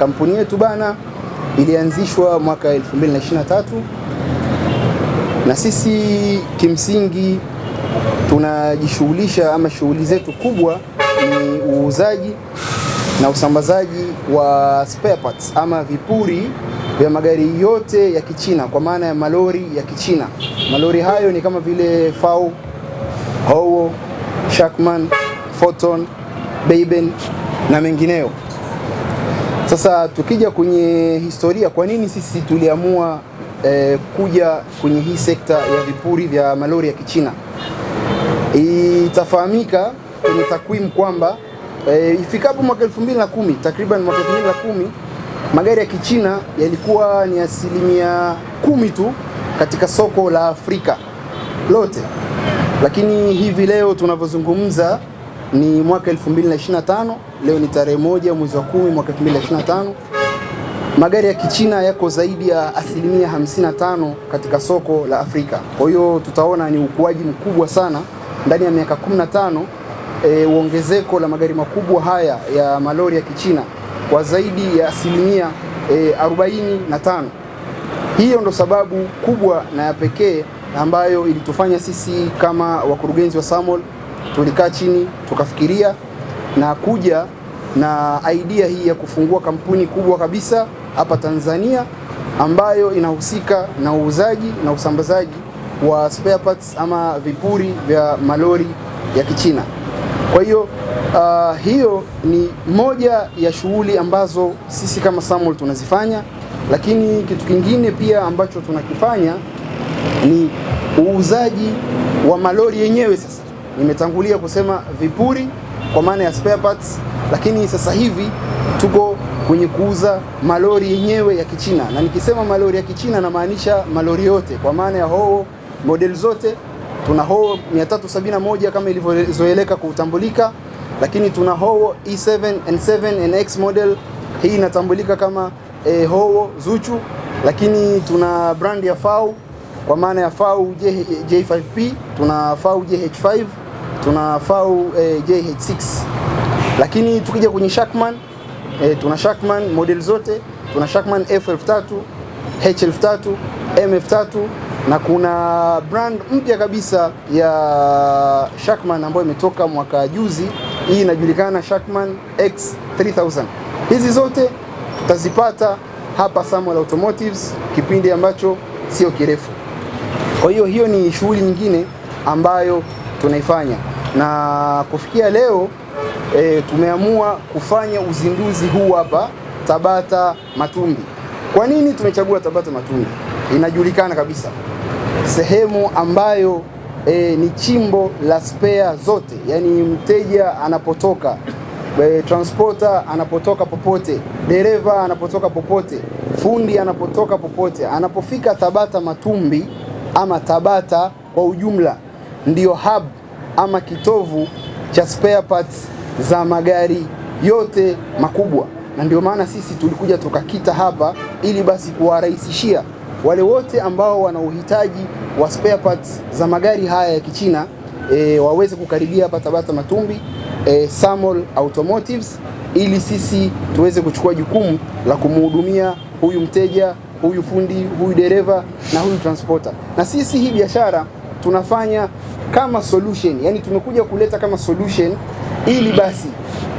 Kampuni yetu bana ilianzishwa mwaka 2023 na sisi kimsingi tunajishughulisha ama shughuli zetu kubwa ni uuzaji na usambazaji wa spare parts ama vipuri vya magari yote ya Kichina kwa maana ya malori ya Kichina. Malori hayo ni kama vile Fau, Howo, Shakman, Foton, Beiben na mengineo. Sasa tukija kwenye historia, kwa nini sisi tuliamua eh, kuja kwenye hii sekta ya vipuri vya malori ya Kichina? Itafahamika kwenye takwimu kwamba eh, ifikapo mwaka 2010 takriban mwaka 2010 magari ya Kichina yalikuwa ni asilimia kumi tu katika soko la Afrika lote, lakini hivi leo tunavyozungumza ni mwaka 2025. Leo ni tarehe moja mwezi wa kumi mwaka 2025. Magari ya Kichina yako zaidi ya asilimia 55 katika soko la Afrika. Kwa hiyo tutaona ni ukuaji mkubwa sana ndani ya miaka 15, e, uongezeko la magari makubwa haya ya malori ya Kichina kwa zaidi ya asilimia e, 45. Hiyo ndo sababu kubwa na ya pekee ambayo ilitufanya sisi kama wakurugenzi wa SAMOL tulikaa chini tukafikiria na kuja na idea hii ya kufungua kampuni kubwa kabisa hapa Tanzania ambayo inahusika na uuzaji na usambazaji wa spare parts ama vipuri vya malori ya Kichina. Kwa hiyo uh, hiyo ni moja ya shughuli ambazo sisi kama SAMOL tunazifanya, lakini kitu kingine pia ambacho tunakifanya ni uuzaji wa malori yenyewe sasa Nimetangulia kusema vipuri kwa maana ya spare parts, lakini sasa hivi tuko kwenye kuuza malori yenyewe ya Kichina, na nikisema malori ya Kichina namaanisha malori yote kwa maana ya hoho model zote. Tuna hoo 371 kama ilivyozoeleka kutambulika, lakini tuna hoho E7 N7 NX model hii inatambulika kama e, hoo Zuchu, lakini tuna brand ya FAU kwa maana ya FAU J5P, tuna FAU JH5 tuna fau eh, JH6 lakini tukija kwenye Shackman eh, tuna Shackman model zote, tuna Shackman F3000, H3000, M3000 na kuna brand mpya kabisa ya Shackman ambayo imetoka mwaka juzi, hii inajulikana Shackman X3000. Hizi zote tutazipata hapa Samuel Automotives kipindi ambacho sio kirefu. Kwa hiyo hiyo ni shughuli nyingine ambayo tunaifanya na kufikia leo e, tumeamua kufanya uzinduzi huu hapa Tabata Matumbi. Kwa nini tumechagua Tabata Matumbi? Inajulikana kabisa sehemu ambayo e, ni chimbo la spare zote, yaani mteja anapotoka e, transporter anapotoka popote, dereva anapotoka popote, fundi anapotoka popote, anapofika Tabata Matumbi ama Tabata kwa ujumla, ndiyo hub ama kitovu cha spare parts za magari yote makubwa, na ndio maana sisi tulikuja tukakita hapa ili basi kuwarahisishia wale wote ambao wana uhitaji wa spare parts za magari haya ya Kichina e, waweze kukaribia hapa Tabata Matumbi e, Samol Automotives ili sisi tuweze kuchukua jukumu la kumhudumia huyu mteja, huyu fundi, huyu dereva na huyu transporter. Na sisi hii biashara tunafanya kama solution, yani tumekuja kuleta kama solution ili basi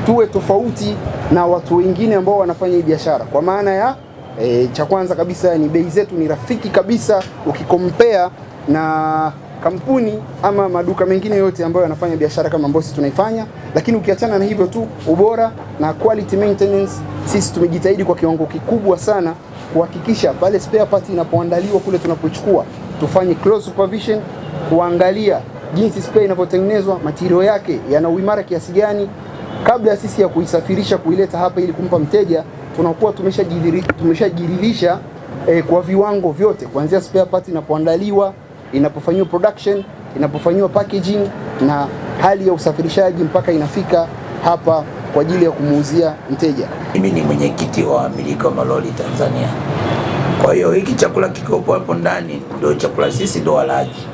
tuwe tofauti na watu wengine ambao wanafanya hii biashara kwa maana ya e, cha kwanza kabisa ni bei zetu ni rafiki kabisa ukikompea na kampuni ama maduka mengine yote ambayo yanafanya biashara kama ambayo sisi tunaifanya. Lakini ukiachana na hivyo tu, ubora na quality maintenance, sisi tumejitahidi kwa kiwango kikubwa sana kuhakikisha pale spare part inapoandaliwa kule tunapochukua, tufanye close supervision kuangalia jinsi spray inavyotengenezwa, matirio yake yana uimara kiasi gani, kabla ya sisi ya kuisafirisha kuileta hapa ili kumpa mteja, tunakuwa tumeshajiridhisha eh, kwa viwango vyote, kuanzia spare part inapoandaliwa, inapofanywa production, inapofanyiwa packaging na hali ya usafirishaji mpaka inafika hapa kwa ajili ya kumuuzia mteja. Mimi ni mwenyekiti wa wamiliki wa malori Tanzania. Kwa hiyo hiki chakula kikopo hapo ndani ndio chakula sisi ndio walaji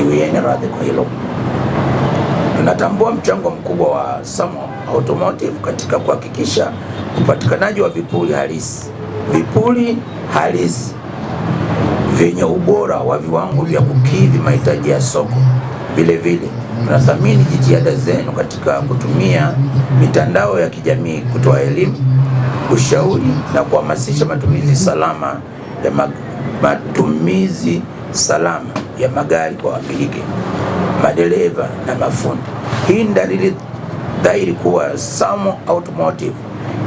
iwieni radhi kwa hilo. Tunatambua mchango mkubwa wa Samo Automotive katika kuhakikisha upatikanaji wa vipuri halisi, vipuri halisi vyenye ubora wa viwango vya kukidhi mahitaji ya soko. Vilevile tunathamini jitihada zenu katika kutumia mitandao ya kijamii kutoa elimu, ushauri na kuhamasisha matumizi salama ya matumizi salama ya magari kwa wamiliki, madereva na mafundi. Hii ni dalili dhahiri kuwa Sam Automotive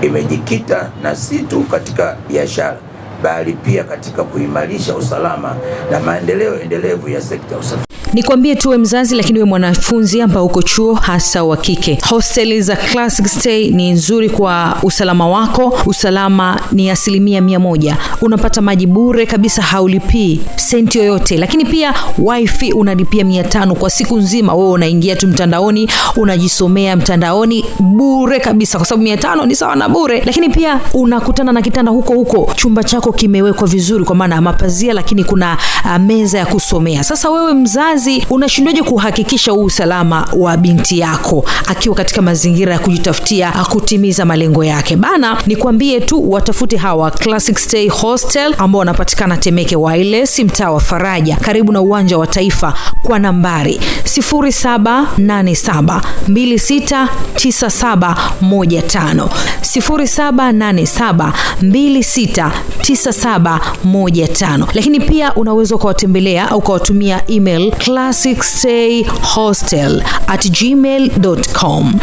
imejikita na si tu katika biashara bali pia katika kuimarisha usalama na maendeleo endelevu ya sekta ya usafiri. Nikwambie tuwe mzazi lakini uwe mwanafunzi ambao uko chuo hasa wa kike. Hosteli za Classic Stay ni nzuri kwa usalama wako. Usalama ni asilimia mia moja. Unapata maji bure kabisa, haulipii senti yoyote, lakini pia wifi unalipia mia tano kwa siku nzima. Wewe unaingia tu mtandaoni, unajisomea mtandaoni bure kabisa, kwa sababu mia tano ni sawa na bure. Lakini pia unakutana na kitanda huko huko, chumba chako kimewekwa vizuri kwa maana mapazia, lakini kuna ah, meza ya kusomea. Sasa wewe mzazi unashindwaje kuhakikisha huu usalama wa binti yako akiwa katika mazingira ya kujitafutia ah, kutimiza malengo yake? Bana, nikwambie tu watafute hawa Classic Stay Hostel ambao wanapatikana Temeke Wireless, mtaa wa Faraja, karibu na uwanja wa Taifa, kwa nambari 0787269715 9715 lakini pia unaweza ukawatembelea au ukawatumia email classicstayhostel at gmail.com.